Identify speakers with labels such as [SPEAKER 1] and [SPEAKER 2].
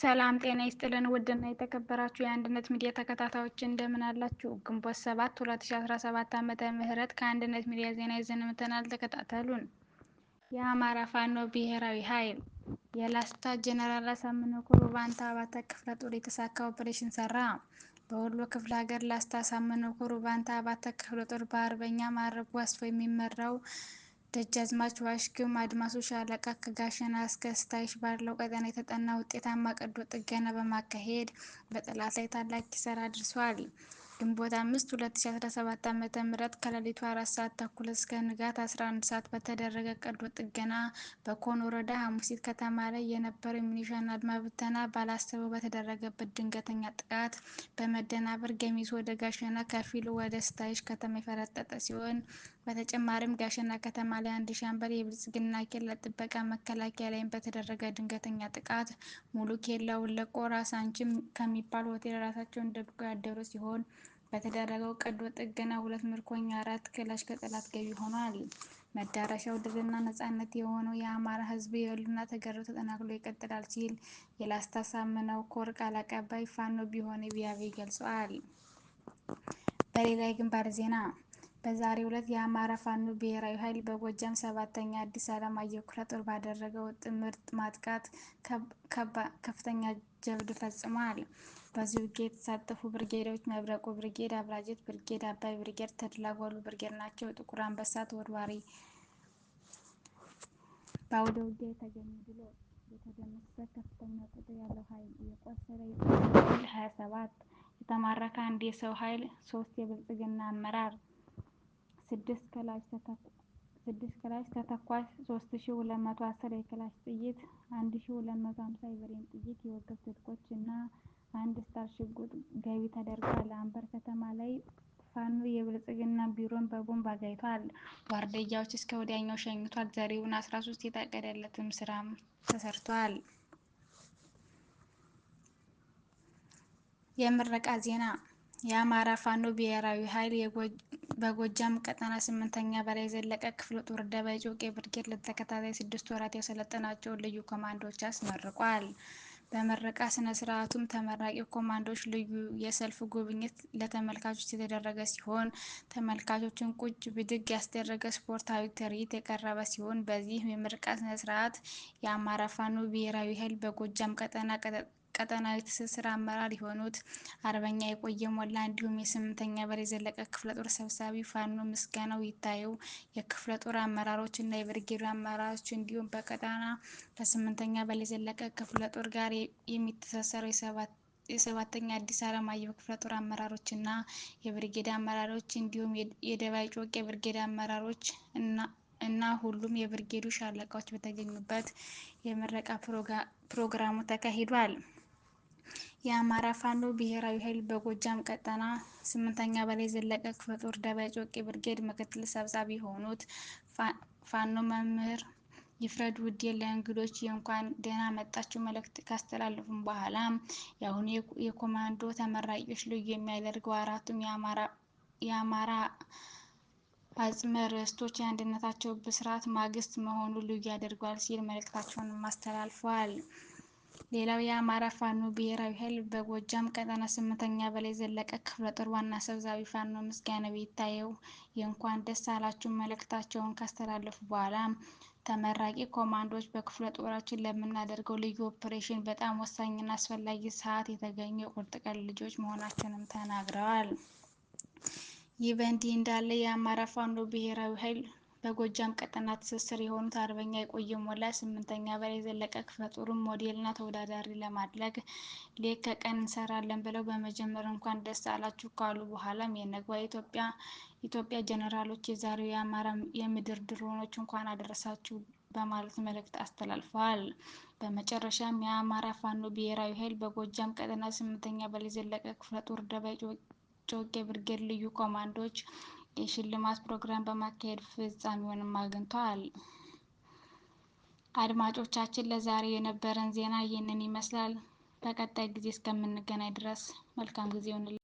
[SPEAKER 1] ሰላም ጤና ይስጥልን ውድና የተከበራችሁ የአንድነት ሚዲያ ተከታታዮች እንደምን አላችሁ? ግንቦት 7 2017 ዓመተ ምህረት ከአንድነት ሚዲያ ዜና ይዘን መጥተናል። ተከታተሉን። የአማራ ፋኖ ብሔራዊ ኃይል የላስታ ጄኔራል አሳምነው ኩሩ ባንታ አባተ ክፍለ ጦር የተሳካ ኦፕሬሽን ሰራ። በወሎ ክፍለ ሀገር ላስታ አሳምነው ኩሩ ባንታ አባተ ክፍለ ጦር በአርበኛ ማረጉ አስፎ የሚመራው ደጃዝማች ዋሽጌው አድማሱ ሻለቃ ከጋሸና እስከ ስታይሽ ባለው ቀጠና የተጠና ውጤታማ ቀዶ ጥገና በማካሄድ በጠላት ላይ ታላቅ ኪሳራ አድርሷል። ግንቦት 5 2017 ዓ.ም ከሌሊቱ 4 ሰዓት ተኩል እስከ ንጋት 11 ሰዓት በተደረገ ቀዶ ጥገና በኮን ወረዳ ሐሙሲት ከተማ ላይ የነበረው የሚሊሻና አድማ ብተና ባላሰበው በተደረገበት ድንገተኛ ጥቃት በመደናበር ገሚሱ ወደ ጋሸና፣ ከፊሉ ወደ ስታይሽ ከተማ የፈረጠጠ ሲሆን በተጨማሪም ጋሸና ከተማ ላይ አንድ ሻምበል የብልጽግና ኬላ ጥበቃ መከላከያ ላይም በተደረገ ድንገተኛ ጥቃት ሙሉ ኬላውን ለቆ ራስ አንችም ከሚባል ሆቴል ራሳቸውን ደብቆ ያደሩ ሲሆን በተደረገው ቀዶ ጥገና ሁለት ምርኮኛ፣ አራት ክላሽ ከጠላት ገቢ ሆኗል። መዳረሻው ድልና ነጻነት የሆነው የአማራ ሕዝብ የህልውና ተጋድሎ ተጠናክሎ ይቀጥላል ሲል የላስታ ሳምነው ኮር ቃል አቀባይ ፋኖ ቢሆን ቢያቤ ገልጸዋል። በሌላ የግንባር ዜና በዛሬው ዕለት የአማራ ፋኖ ብሔራዊ ኃይል በጎጃም ሰባተኛ አዲስ ዓለማየሁ ክፍለ ጦር ባደረገው ጥምርት ማጥቃት ከፍተኛ ጀብድ ፈጽሟል። በዚህ ውጊያ የተሳተፉ ብርጌዶች መብረቁ ብርጌድ፣ አብራጀት ብርጌድ፣ አባይ ብርጌድ፣ ተድላጎሉ ብርጌድ ናቸው። ጥቁር አንበሳት ወርዋሪ በአውደ ውጊያ የተገኙ ድሎ የተደመሰሰ ከፍተኛ ቁጥር ያለው ኃይል የቆሰለ የጦር ኃይል 27 የተማረከ አንድ የሰው ኃይል ሶስት የብልጽግና አመራር ስድስት ክላሽ ስድስት ክላሽ ተተኳሽ ሶስት ሺ ሁለት መቶ አስር የክላሽ ጥይት አንድ ሺ ሁለት መቶ ሀምሳ የብሬን ጥይት የወገብ ትጥቆች እና አንድ ስታር ሽጉጥ ገቢ ተደርጓል። አንበር ከተማ ላይ ፋኖ የብልጽግና ቢሮን በቦምብ አጋይቷል። ዋርደያዎች እስከ ወዲያኛው ሸኝቷል። ዘሪውን አስራ ሶስት የታቀደለትም ስራም ተሰርቷል። የምረቃ ዜና የአማራ ፋኖ ብሔራዊ ኃይል በጎጃም ቀጠና ስምንተኛ በላይ ዘለቀ ክፍለ ጦር ደባይ ጮቄ ብርጌድ ለተከታታይ ስድስት ወራት ያሰለጠናቸውን ልዩ ኮማንዶዎች አስመርቋል። በምረቃ ስነ ስርዓቱም ተመራቂ ኮማንዶዎች ልዩ የሰልፍ ጉብኝት ለተመልካቾች የተደረገ ሲሆን ተመልካቾችን ቁጭ ብድግ ያስደረገ ስፖርታዊ ትርኢት የቀረበ ሲሆን በዚህ የምረቃ ስነ ስርዓት የአማራ ፋኖ ብሔራዊ ኃይል በጎጃም ቀጠና ቀጠናዊ ትስስር አመራር የሆኑት አርበኛ የቆየ ሞላ እንዲሁም የስምንተኛ በር የዘለቀ ክፍለ ጦር ሰብሳቢ ፋኖ ምስጋናው ይታየው የክፍለ ጦር አመራሮች እና የብርጌዱ አመራሮች እንዲሁም በቀጠና ከስምንተኛ በር የዘለቀ ክፍለ ጦር ጋር የሚተሳሰረው የሰባት የሰባተኛ አዲስ አለማየሁ ክፍለ ጦር አመራሮች እና የብርጌድ አመራሮች እንዲሁም የደባይ ጮቄ የብርጌድ አመራሮች እና ሁሉም የብርጌዱ ሻለቃዎች በተገኙበት የምረቃ ፕሮግራሙ ተካሂዷል። የአማራ ፋኖ ብሔራዊ ኃይል በጎጃም ቀጠና ስምንተኛ በላይ ዘለቀ ክፍለ ጦር ደባይ ጮቄ ብርጌድ ምክትል ሰብሳቢ የሆኑት ፋኖ መምህር ይፍረድ ውዴ ለእንግዶች የእንኳን ደህና መጣችሁ መልእክት ካስተላለፉም በኋላ የአሁኑ የኮማንዶ ተመራቂዎች ልዩ የሚያደርገው አራቱም የአማራ አጽመ ርዕስቶች የአንድነታቸው ብስራት ማግስት መሆኑ ልዩ ያደርገዋል ሲል መልእክታቸውን አስተላልፈዋል። ሌላው የአማራ ፋኖ ብሔራዊ ኃይል በጎጃም ቀጠና ስምንተኛ በላይ ዘለቀ ክፍለ ጦር ዋና ሰብዛዊ ፋኖ ምስጋና ቤታየው የእንኳን ደስ አላችሁ መልእክታቸውን ካስተላለፉ በኋላ ተመራቂ ኮማንዶዎች በክፍለ ጦራችን ለምናደርገው ልዩ ኦፕሬሽን በጣም ወሳኝና አስፈላጊ ሰዓት የተገኙ የቁርጥ ቀን ልጆች መሆናቸውንም ተናግረዋል። ይህ በእንዲህ እንዳለ የአማራ ፋኖ ብሔራዊ ኃይል በጎጃም ቀጠና ትስስር የሆኑት አርበኛ የቆየ ሞላ ስምንተኛ በላይ የዘለቀ ክፍለ ጦርን ሞዴልና ተወዳዳሪ ለማድረግ ሌት ከቀን እንሰራለን ብለው በመጀመር እንኳን ደስ አላችሁ ካሉ በኋላም የነግባ ኢትዮጵያ ኢትዮጵያ ጀኔራሎች የዛሬው የአማራ የምድር ድሮኖች እንኳን አደረሳችሁ በማለት መልእክት አስተላልፈዋል። በመጨረሻም የአማራ ፋኖ ብሔራዊ ኃይል በጎጃም ቀጠና ስምንተኛ በላይ ዘለቀ ክፍለ ጦር ደባይ ጮቄ ብርጌድ ልዩ ኮማንዶች የሽልማት ፕሮግራም በማካሄድ ፍጻሜውንም አግኝቷል። አድማጮቻችን ለዛሬ የነበረን ዜና ይህንን ይመስላል። በቀጣይ ጊዜ እስከምንገናኝ ድረስ መልካም ጊዜ ይሁንልን።